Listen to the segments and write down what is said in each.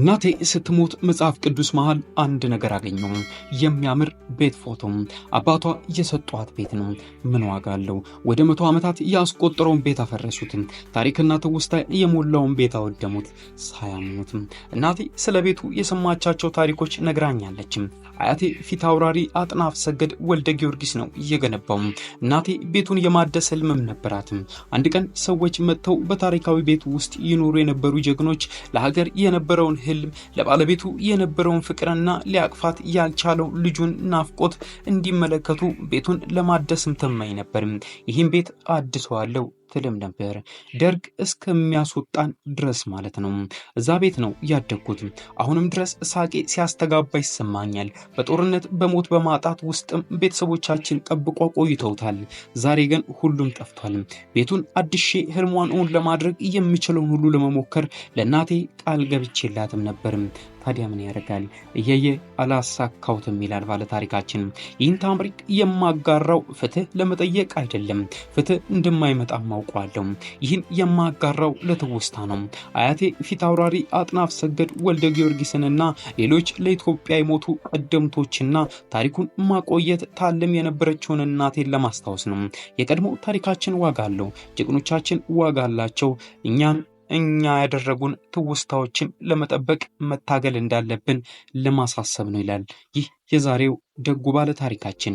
እናቴ ስትሞት መጽሐፍ ቅዱስ መሃል አንድ ነገር አገኘው፣ የሚያምር ቤት ፎቶም አባቷ የሰጧት ቤት ነው። ምን ዋጋ አለው? ወደ መቶ ዓመታት ያስቆጠረውን ቤት አፈረሱትም። ታሪክና ትውስታ የሞላውን ቤት አወደሙት ሳያምኑትም። እናቴ ስለ ቤቱ የሰማቻቸው ታሪኮች ነግራኛለችም። አያቴ ፊት አውራሪ አጥናፍ ሰገድ ወልደ ጊዮርጊስ ነው እየገነባው። እናቴ ቤቱን የማደስ ህልምም ነበራትም። አንድ ቀን ሰዎች መጥተው በታሪካዊ ቤት ውስጥ ይኖሩ የነበሩ ጀግኖች ለሀገር የነበረውን ህልም ለባለቤቱ የነበረውን ፍቅርና ሊያቅፋት ያልቻለው ልጁን ናፍቆት እንዲመለከቱ ቤቱን ለማደስም ተማኝ ነበር። ይህም ቤት አድሰዋለሁ ትልም ነበር። ደርግ እስከሚያስወጣን ድረስ ማለት ነው። እዛ ቤት ነው ያደግኩት። አሁንም ድረስ ሳቄ ሲያስተጋባ ይሰማኛል። በጦርነት በሞት በማጣት ውስጥም ቤተሰቦቻችን ጠብቆ ቆይተውታል። ዛሬ ግን ሁሉም ጠፍቷል። ቤቱን አድሼ ህልሟን እውን ለማድረግ የሚችለውን ሁሉ ለመሞከር ለእናቴ ቃል ገብቼላትም ነበር። ታዲያ ምን ያደርጋል እየየ አላሳካውትም ይላል ባለታሪካችን። ይህን ታምሪክ የማጋራው ፍትህ ለመጠየቅ አይደለም፣ ፍትህ እንደማይመጣም አውቀዋለሁ። ይህን የማጋራው ለትውስታ ነው። አያቴ ፊት አውራሪ አጥናፍ ሰገድ ወልደ ጊዮርጊስንና ሌሎች ለኢትዮጵያ የሞቱ ቀደምቶችና ታሪኩን ማቆየት ታለም የነበረችውን እናቴን ለማስታወስ ነው። የቀድሞ ታሪካችን ዋጋ አለው። ጀግኖቻችን ዋጋ አላቸው። እኛን እኛ ያደረጉን ትውስታዎችን ለመጠበቅ መታገል እንዳለብን ለማሳሰብ ነው ይላል ይህ የዛሬው ደጉ ባለ ታሪካችን።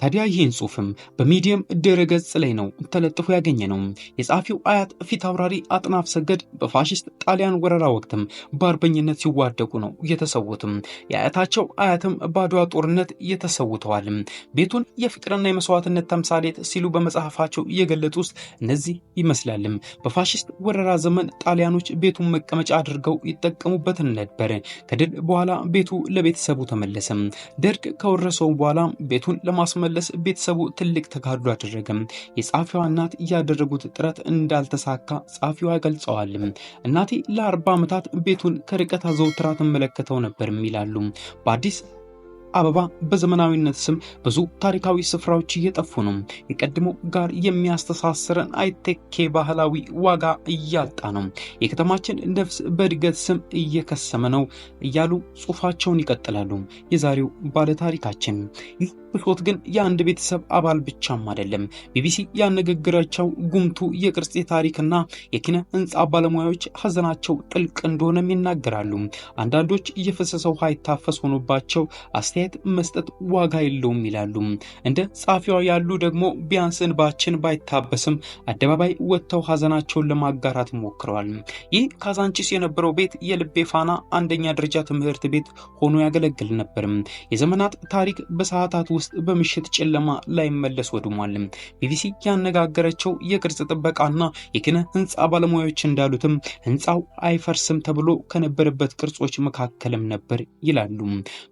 ታዲያ ይህን ጽሁፍም በሚዲየም ድረገጽ ላይ ነው ተለጥፎ ያገኘ ነው። የጸሐፊው አያት ፊት አውራሪ አጥናፍ ሰገድ በፋሽስት ጣሊያን ወረራ ወቅትም በአርበኝነት ሲዋደቁ ነው የተሰዉትም። የአያታቸው አያትም በአድዋ ጦርነት የተሰውተዋል። ቤቱን የፍቅርና የመስዋዕትነት ተምሳሌት ሲሉ በመጽሐፋቸው የገለጡ ውስጥ እነዚህ ይመስላልም። በፋሽስት ወረራ ዘመን ጣሊያኖች ቤቱን መቀመጫ አድርገው ይጠቀሙበት ነበር። ከድል በኋላ ቤቱ ለቤተሰቡ ተመለሰም። ደርግ ከወረሰው በኋላ ቤቱን ለማስመ ለመመለስ ቤተሰቡ ትልቅ ተጋድሎ አደረገም። የጸሐፊዋ እናት ያደረጉት ጥረት እንዳልተሳካ ጸሐፊዋ ገልጸዋል። እናቴ ለአርባ ዓመታት ቤቱን ከርቀት አዘውትራ ትመለከተው ነበርም ይላሉ። በአዲስ አበባ በዘመናዊነት ስም ብዙ ታሪካዊ ስፍራዎች እየጠፉ ነው። የቀድሞ ጋር የሚያስተሳስረን አይቴኬ ባህላዊ ዋጋ እያጣ ነው። የከተማችን ነፍስ በእድገት ስም እየከሰመ ነው እያሉ ጽሑፋቸውን ይቀጥላሉ። የዛሬው ባለታሪካችን ብሶት ግን የአንድ ቤተሰብ አባል ብቻም አይደለም። ቢቢሲ ያነጋገራቸው ጉምቱ የቅርጽ ታሪክና የኪነ ህንፃ ባለሙያዎች ሀዘናቸው ጥልቅ እንደሆነም ይናገራሉ። አንዳንዶች እየፈሰሰው ውሃ ይታፈስ ሆኖባቸው አስተያየት መስጠት ዋጋ የለውም ይላሉ። እንደ ጻፊዋ ያሉ ደግሞ ቢያንስ እንባችን ባይታበስም አደባባይ ወጥተው ሀዘናቸውን ለማጋራት ሞክረዋል። ይህ ካዛንቺስ የነበረው ቤት የልቤ ፋና አንደኛ ደረጃ ትምህርት ቤት ሆኖ ያገለግል ነበርም የዘመናት ታሪክ በሰዓታት ውስጥ ውስጥ በምሽት ጨለማ ላይመለስ ወድሟል። ቢቢሲ ያነጋገረቸው የቅርጽ ጥበቃና የኪነ ህንፃ ባለሙያዎች እንዳሉትም ህንፃው አይፈርስም ተብሎ ከነበረበት ቅርጾች መካከልም ነበር ይላሉ።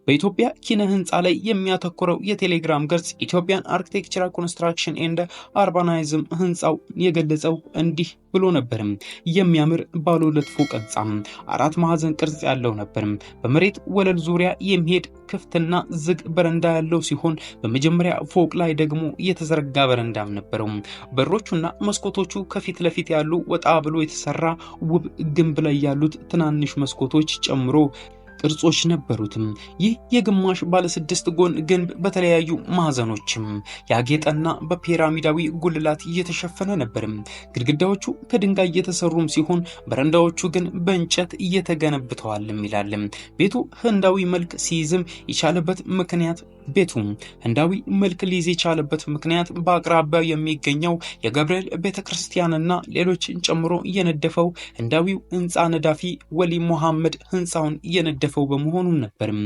በኢትዮጵያ ኪነ ህንፃ ላይ የሚያተኩረው የቴሌግራም ገጽ ኢትዮጵያን አርኪቴክቸራል ኮንስትራክሽን ኤንድ አርባናይዝም ህንፃው የገለጸው እንዲህ ብሎ ነበርም። የሚያምር ባለ ሁለት ፎቅ ህንፃም አራት ማዕዘን ቅርጽ ያለው ነበርም። በመሬት ወለል ዙሪያ የሚሄድ ክፍትና ዝግ በረንዳ ያለው ሲሆን በመጀመሪያ ፎቅ ላይ ደግሞ የተዘረጋ በረንዳም ነበረው። በሮቹና መስኮቶቹ ከፊት ለፊት ያሉ ወጣ ብሎ የተሰራ ውብ ግንብ ላይ ያሉት ትናንሽ መስኮቶች ጨምሮ ቅርጾች ነበሩትም። ይህ የግማሽ ባለስድስት ጎን ግንብ በተለያዩ ማዕዘኖችም ያጌጠና በፒራሚዳዊ ጉልላት እየተሸፈነ ነበርም። ግድግዳዎቹ ከድንጋይ እየተሰሩም ሲሆን በረንዳዎቹ ግን በእንጨት እየተገነብተዋልም ይላልም። ቤቱ ህንዳዊ መልክ ሲይዝም የቻለበት ምክንያት ቤቱም ህንዳዊ መልክ ሊይዝ የቻለበት ምክንያት በአቅራቢያው የሚገኘው የገብርኤል ቤተ ክርስቲያንና ሌሎችን ጨምሮ የነደፈው ህንዳዊው ህንፃ ነዳፊ ወሊ ሞሐመድ ህንፃውን የነደፈው በመሆኑ ነበርም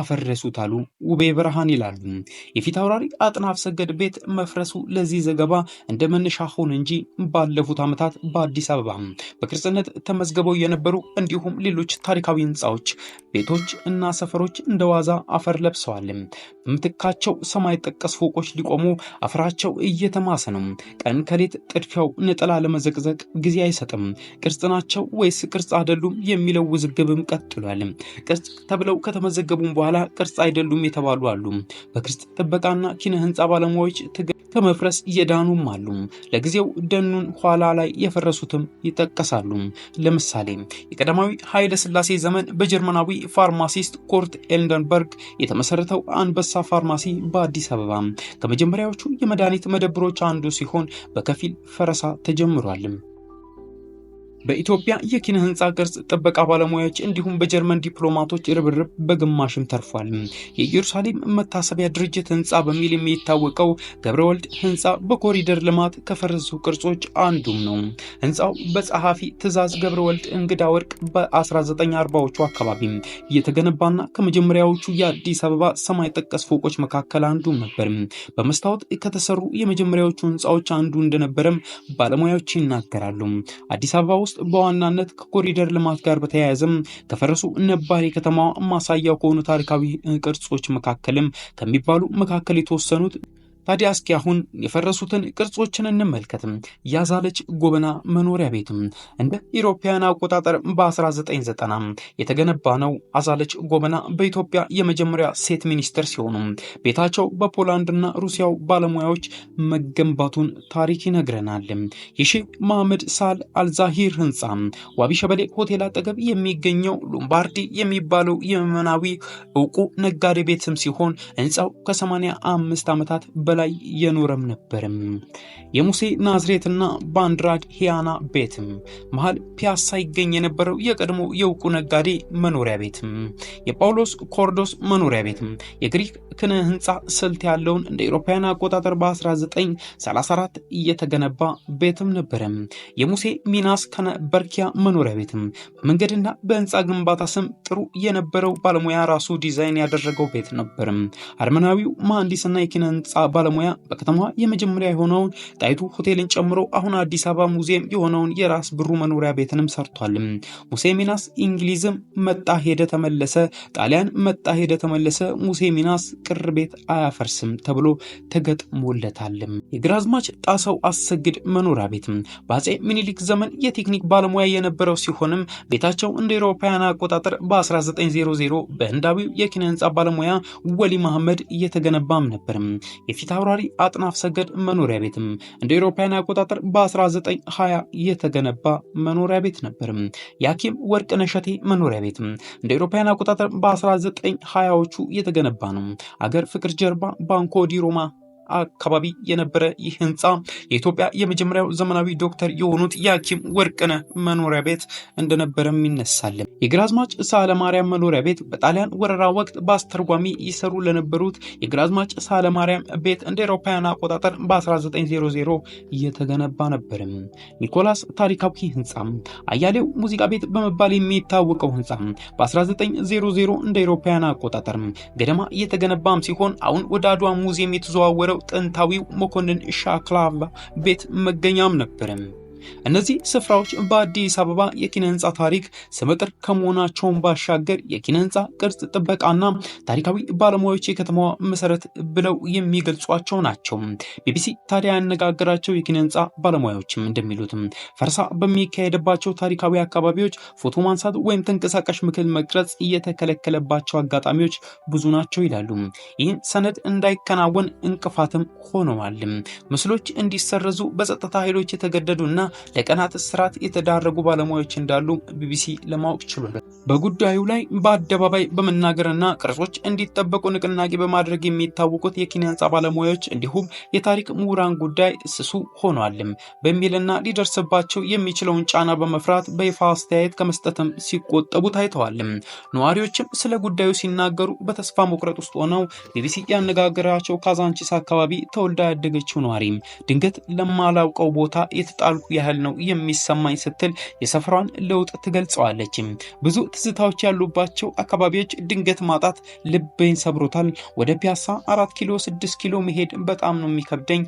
አፈረሱት አሉ ውቤ ብርሃን ይላሉ። የፊት አውራሪ አጥናፍ ሰገድ ቤት መፍረሱ ለዚህ ዘገባ እንደ መነሻ ሆነ እንጂ ባለፉት ዓመታት በአዲስ አበባ በቅርስነት ተመዝግበው የነበሩ እንዲሁም ሌሎች ታሪካዊ ህንፃዎች፣ ቤቶች እና ሰፈሮች እንደ ዋዛ አፈር ለብሰዋል። ምትካቸው ሰማይ ጠቀስ ፎቆች ሊቆሙ አፈራቸው እየተማሰ ነው። ቀን ከሌት ጥድፊያው ነጠላ ለመዘቅዘቅ ጊዜ አይሰጥም። ቅርጽ ናቸው ወይስ ቅርጽ አይደሉም የሚለው ውዝግብም ቀጥሏል። ቅርጽ ተብለው ከተመዘገቡም በኋላ ቅርጽ አይደሉም የተባሉ አሉ። በቅርጽ ጥበቃና ኪነ ህንፃ ባለሙያዎች ከመፍረስ እየዳኑም አሉ። ለጊዜው ደኑን ኋላ ላይ የፈረሱትም ይጠቀሳሉ። ለምሳሌ የቀዳማዊ ኃይለ ሥላሴ ዘመን በጀርመናዊ ፋርማሲስት ኮርት ኤልደንበርግ የተመሰረተው አንበሳ ፋርማሲ በአዲስ አበባ ከመጀመሪያዎቹ የመድኃኒት መደብሮች አንዱ ሲሆን በከፊል ፈረሳ ተጀምሯል። በኢትዮጵያ የኪነ ህንፃ ቅርጽ ጥበቃ ባለሙያዎች እንዲሁም በጀርመን ዲፕሎማቶች ርብርብ በግማሽም ተርፏል። የኢየሩሳሌም መታሰቢያ ድርጅት ህንፃ በሚል የሚታወቀው ገብረወልድ ህንፃ በኮሪደር ልማት ከፈረሱ ቅርጾች አንዱም ነው። ህንፃው በጸሐፊ ትእዛዝ ገብረወልድ እንግዳ ወርቅ በ1940ዎቹ አካባቢ የተገነባና ከመጀመሪያዎቹ የአዲስ አበባ ሰማይ ጠቀስ ፎቆች መካከል አንዱ ነበር። በመስታወት ከተሰሩ የመጀመሪያዎቹ ህንፃዎች አንዱ እንደነበረም ባለሙያዎች ይናገራሉ። አዲስ አበባ ውስጥ ውስጥ በዋናነት ከኮሪደር ልማት ጋር በተያያዘም ከፈረሱ ነባሪ ከተማዋ ማሳያው ከሆኑ ታሪካዊ ቅርጾች መካከልም ከሚባሉ መካከል የተወሰኑት ታዲያ እስኪ አሁን የፈረሱትን ቅርጾችን እንመልከትም። ያዛለች ጎበና መኖሪያ ቤትም እንደ ኢሮፓውያን አቆጣጠር በ1990 የተገነባ ነው። አዛለች ጎበና በኢትዮጵያ የመጀመሪያ ሴት ሚኒስትር ሲሆኑ ቤታቸው በፖላንድና ሩሲያው ባለሙያዎች መገንባቱን ታሪክ ይነግረናል። የሼህ መሐመድ ሳል አልዛሂር ህንፃ ዋቢ ሸበሌ ሆቴል አጠገብ የሚገኘው ሎምባርዲ የሚባለው የመናዊ እውቁ ነጋዴ ቤት ሲሆን ህንፃው ከ85 ዓመታት በ በላይ የኖረም ነበርም። የሙሴ ናዝሬትና ባንድራድ ሂያና ቤትም መሀል ፒያሳ ይገኝ የነበረው የቀድሞ የእውቁ ነጋዴ መኖሪያ ቤትም፣ የጳውሎስ ኮርዶስ መኖሪያ ቤትም የግሪክ ክነ ህንፃ ስልት ያለውን እንደ አውሮፓውያን አቆጣጠር በ1934 እየተገነባ ቤትም ነበረም። የሙሴ ሚናስ በርኪያ መኖሪያ ቤትም በመንገድና በህንፃ ግንባታ ስም ጥሩ የነበረው ባለሙያ ራሱ ዲዛይን ያደረገው ቤት ነበርም። አርመናዊው መሐንዲስና የኪነ ህንፃ ባለሙያ በከተማዋ የመጀመሪያ የሆነውን ጣይቱ ሆቴልን ጨምሮ አሁን አዲስ አበባ ሙዚየም የሆነውን የራስ ብሩ መኖሪያ ቤትንም ሰርቷል። ሙሴ ሚናስ እንግሊዝም መጣ ሄደ ተመለሰ፣ ጣሊያን መጣ ሄደ ተመለሰ፣ ሙሴ ሚናስ ቅር ቤት አያፈርስም ተብሎ ተገጥሞለታል። የግራዝማች ጣሰው አሰግድ መኖሪያ ቤትም በአፄ ሚኒሊክ ዘመን የቴክኒክ ባለሙያ የነበረው ሲሆንም ቤታቸው እንደ ኤሮፓውያን አቆጣጠር በ1900 በህንዳዊው የኪነ ህንፃ ባለሙያ ወሊ መሐመድ እየተገነባም ነበርም የፊት አብራሪ አጥናፍ ሰገድ መኖሪያ ቤትም እንደ አውሮፓውያን አቆጣጠር በ1920 የተገነባ መኖሪያ ቤት ነበርም። የሐኪም ወርቅ ነሸቴ መኖሪያ ቤትም እንደ አውሮፓውያን አቆጣጠር በ1920ዎቹ የተገነባ ነው። አገር ፍቅር ጀርባ ባንኮ ዲ ሮማ አካባቢ የነበረ ይህ ህንፃ የኢትዮጵያ የመጀመሪያው ዘመናዊ ዶክተር የሆኑት የሐኪም ወርቅነህ መኖሪያ ቤት እንደነበረም ይነሳልን። የግራዝማች ሳለማርያም መኖሪያ ቤት በጣሊያን ወረራ ወቅት በአስተርጓሚ ይሰሩ ለነበሩት የግራዝማች ሳለማርያም ቤት እንደ አውሮፓውያን አቆጣጠር በ1900 እየተገነባ ነበርም። ኒኮላስ ታሪካዊ ህንፃ አያሌው ሙዚቃ ቤት በመባል የሚታወቀው ህንፃ በ1900 እንደ አውሮፓውያን አቆጣጠር ገደማ እየተገነባም ሲሆን አሁን ወደ አድዋ ሙዚየም የተዘዋወረው ጥንታዊው መኮንን ሻክላቫ ቤት መገኛም ነበርም። እነዚህ ስፍራዎች በአዲስ አበባ የኪነ ህንፃ ታሪክ ስመጥር ከመሆናቸውን ባሻገር የኪነ ህንፃ ቅርጽ ጥበቃና ታሪካዊ ባለሙያዎች የከተማዋ መሰረት ብለው የሚገልጿቸው ናቸው። ቢቢሲ ታዲያ ያነጋገራቸው የኪነ ህንፃ ባለሙያዎችም እንደሚሉትም ፈርሳ በሚካሄድባቸው ታሪካዊ አካባቢዎች ፎቶ ማንሳት ወይም ተንቀሳቃሽ ምስል መቅረጽ የተከለከለባቸው አጋጣሚዎች ብዙ ናቸው ይላሉ። ይህን ሰነድ እንዳይከናወን እንቅፋትም ሆነዋል። ምስሎች እንዲሰረዙ በጸጥታ ኃይሎች የተገደዱና ለቀናት እስራት የተዳረጉ ባለሙያዎች እንዳሉ ቢቢሲ ለማወቅ ችሏል። በጉዳዩ ላይ በአደባባይ በመናገርና ቅርሶች እንዲጠበቁ ንቅናቄ በማድረግ የሚታወቁት የኪነ ህንፃ ባለሙያዎች እንዲሁም የታሪክ ምሁራን ጉዳይ ስሱ ሆኗልም በሚልና ሊደርስባቸው የሚችለውን ጫና በመፍራት በይፋ አስተያየት ከመስጠትም ሲቆጠቡ ታይተዋልም። ነዋሪዎችም ስለ ጉዳዩ ሲናገሩ በተስፋ መቁረጥ ውስጥ ሆነው ቢቢሲ ያነጋገራቸው ካዛንቺስ አካባቢ ተወልዳ ያደገችው ነዋሪ ድንገት ለማላውቀው ቦታ የተጣልኩ ያህል ነው የሚሰማኝ ስትል የሰፈሯን ለውጥ ትገልጸዋለች። ብዙ ትዝታዎች ያሉባቸው አካባቢዎች ድንገት ማጣት ልቤን ሰብሮታል። ወደ ፒያሳ አራት ኪሎ ስድስት ኪሎ መሄድ በጣም ነው የሚከብደኝ።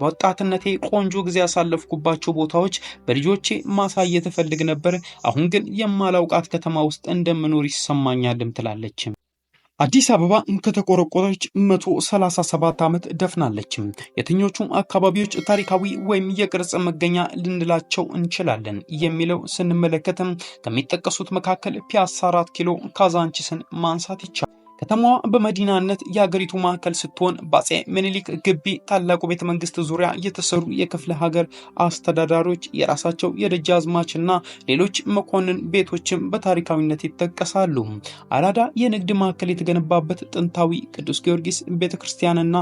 በወጣትነቴ ቆንጆ ጊዜ ያሳለፍኩባቸው ቦታዎች በልጆቼ ማሳየት እፈልግ ነበር። አሁን ግን የማላውቃት ከተማ ውስጥ እንደምኖር ይሰማኛልም ትላለችም። አዲስ አበባ ከተቆረቆረች 137 ዓመት ደፍናለች። የትኞቹም አካባቢዎች ታሪካዊ ወይም የቅርጽ መገኛ ልንላቸው እንችላለን የሚለው ስንመለከትም ከሚጠቀሱት መካከል ፒያሳ፣ አራት ኪሎ፣ ካዛንቺስን ማንሳት ይቻላል። ከተማዋ በመዲናነት የሀገሪቱ ማዕከል ስትሆን በአጼ ምኒልክ ግቢ ታላቁ ቤተ መንግስት ዙሪያ የተሰሩ የክፍለ ሀገር አስተዳዳሪዎች የራሳቸው እና ሌሎች መኮንን ቤቶችም በታሪካዊነት ይጠቀሳሉ። አራዳ የንግድ ማዕከል የተገነባበት ጥንታዊ ቅዱስ ጊዮርጊስ ቤተ ክርስቲያንና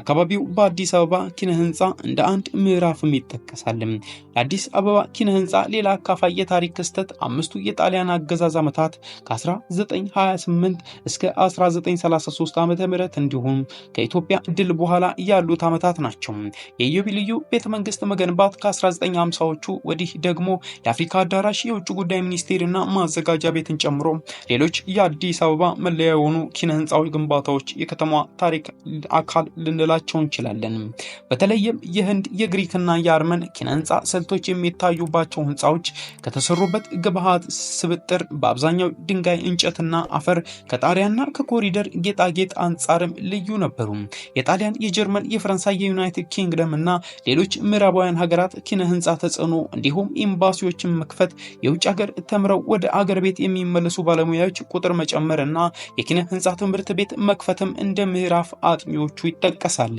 አካባቢው በአዲስ አበባ ኪነ ህንፃ እንደ አንድ ምዕራፍም ይጠቀሳል። የአዲስ አበባ ኪነ ህንፃ ሌላ አካፋይ የታሪክ ክስተት አምስቱ የጣሊያን አገዛዝ ዓመታት ከ1928 እስከ 1933 ዓ ም እንዲሁም ከኢትዮጵያ ድል በኋላ ያሉት ዓመታት ናቸው። የኢዮቤልዩ ቤተ መንግስት መገንባት ከ1950ዎቹ ወዲህ ደግሞ የአፍሪካ አዳራሽ፣ የውጭ ጉዳይ ሚኒስቴርና ማዘጋጃ ቤትን ጨምሮ ሌሎች የአዲስ አበባ መለያ የሆኑ ኪነ ህንፃዊ ግንባታዎች የከተማ ታሪክ አካል ልንላቸው እንችላለን። በተለይም የህንድ የግሪክና የአርመን ኪነ ህንፃ ስልቶች የሚታዩባቸው ህንፃዎች ከተሰሩበት ግብዓት ስብጥር በአብዛኛው ድንጋይ፣ እንጨትና አፈር ከጣሪያና ከኮሪደር ጌጣጌጥ አንጻርም ልዩ ነበሩ። የጣሊያን፣ የጀርመን፣ የፈረንሳይ፣ የዩናይትድ ኪንግደም እና ሌሎች ምዕራባውያን ሀገራት ኪነ ህንፃ ተጽዕኖ እንዲሁም ኤምባሲዎችን መክፈት የውጭ ሀገር ተምረው ወደ አገር ቤት የሚመለሱ ባለሙያዎች ቁጥር መጨመር እና የኪነ ህንፃ ትምህርት ቤት መክፈትም እንደ ምዕራፍ አጥኚዎቹ ይጠቀሳል።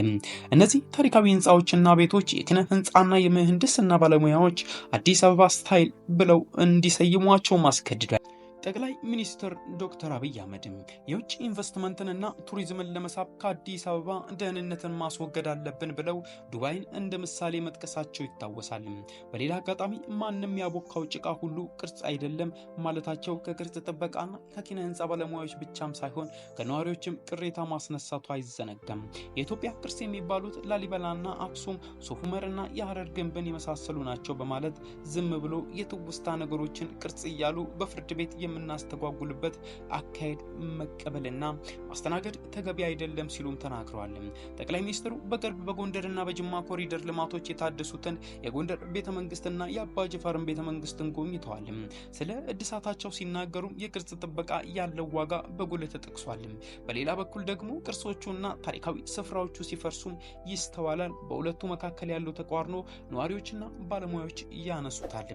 እነዚህ ታሪካዊ ህንፃዎችና ቤቶች የኪነ ህንፃና የምህንድስና ባለሙያዎች አዲስ አበባ ስታይል ብለው እንዲሰይሟቸው ማስገድዳል። ጠቅላይ ሚኒስትር ዶክተር አብይ አህመድም የውጭ ኢንቨስትመንትንና ቱሪዝምን ለመሳብ ከአዲስ አበባ ደህንነትን ማስወገድ አለብን ብለው ዱባይን እንደ ምሳሌ መጥቀሳቸው ይታወሳል። በሌላ አጋጣሚ ማንም ያቦካው ጭቃ ሁሉ ቅርጽ አይደለም ማለታቸው ከቅርጽ ጥበቃና ከኪነ ህንፃ ባለሙያዎች ብቻም ሳይሆን ከነዋሪዎችም ቅሬታ ማስነሳቱ አይዘነጋም። የኢትዮጵያ ቅርስ የሚባሉት ላሊበላና አክሱም፣ ሶፍ ዑመርና የሐረር ግንብን የመሳሰሉ ናቸው በማለት ዝም ብሎ የትውስታ ነገሮችን ቅርጽ እያሉ በፍርድ ቤት የምናስተጓጉልበት አካሄድ መቀበልና ማስተናገድ ተገቢ አይደለም ሲሉም ተናግረዋል። ጠቅላይ ሚኒስትሩ በቅርብ በጎንደርና በጅማ ኮሪደር ልማቶች የታደሱትን የጎንደር ቤተመንግስትና የአባጅፋርን ቤተመንግስትን ጎብኝተዋል። ስለ እድሳታቸው ሲናገሩም የቅርጽ ጥበቃ ያለው ዋጋ በጉልህ ተጠቅሷል። በሌላ በኩል ደግሞ ቅርሶቹና ታሪካዊ ስፍራዎቹ ሲፈርሱም ይስተዋላል። በሁለቱ መካከል ያለው ተቋርኖ ነዋሪዎችና ባለሙያዎች ያነሱታል።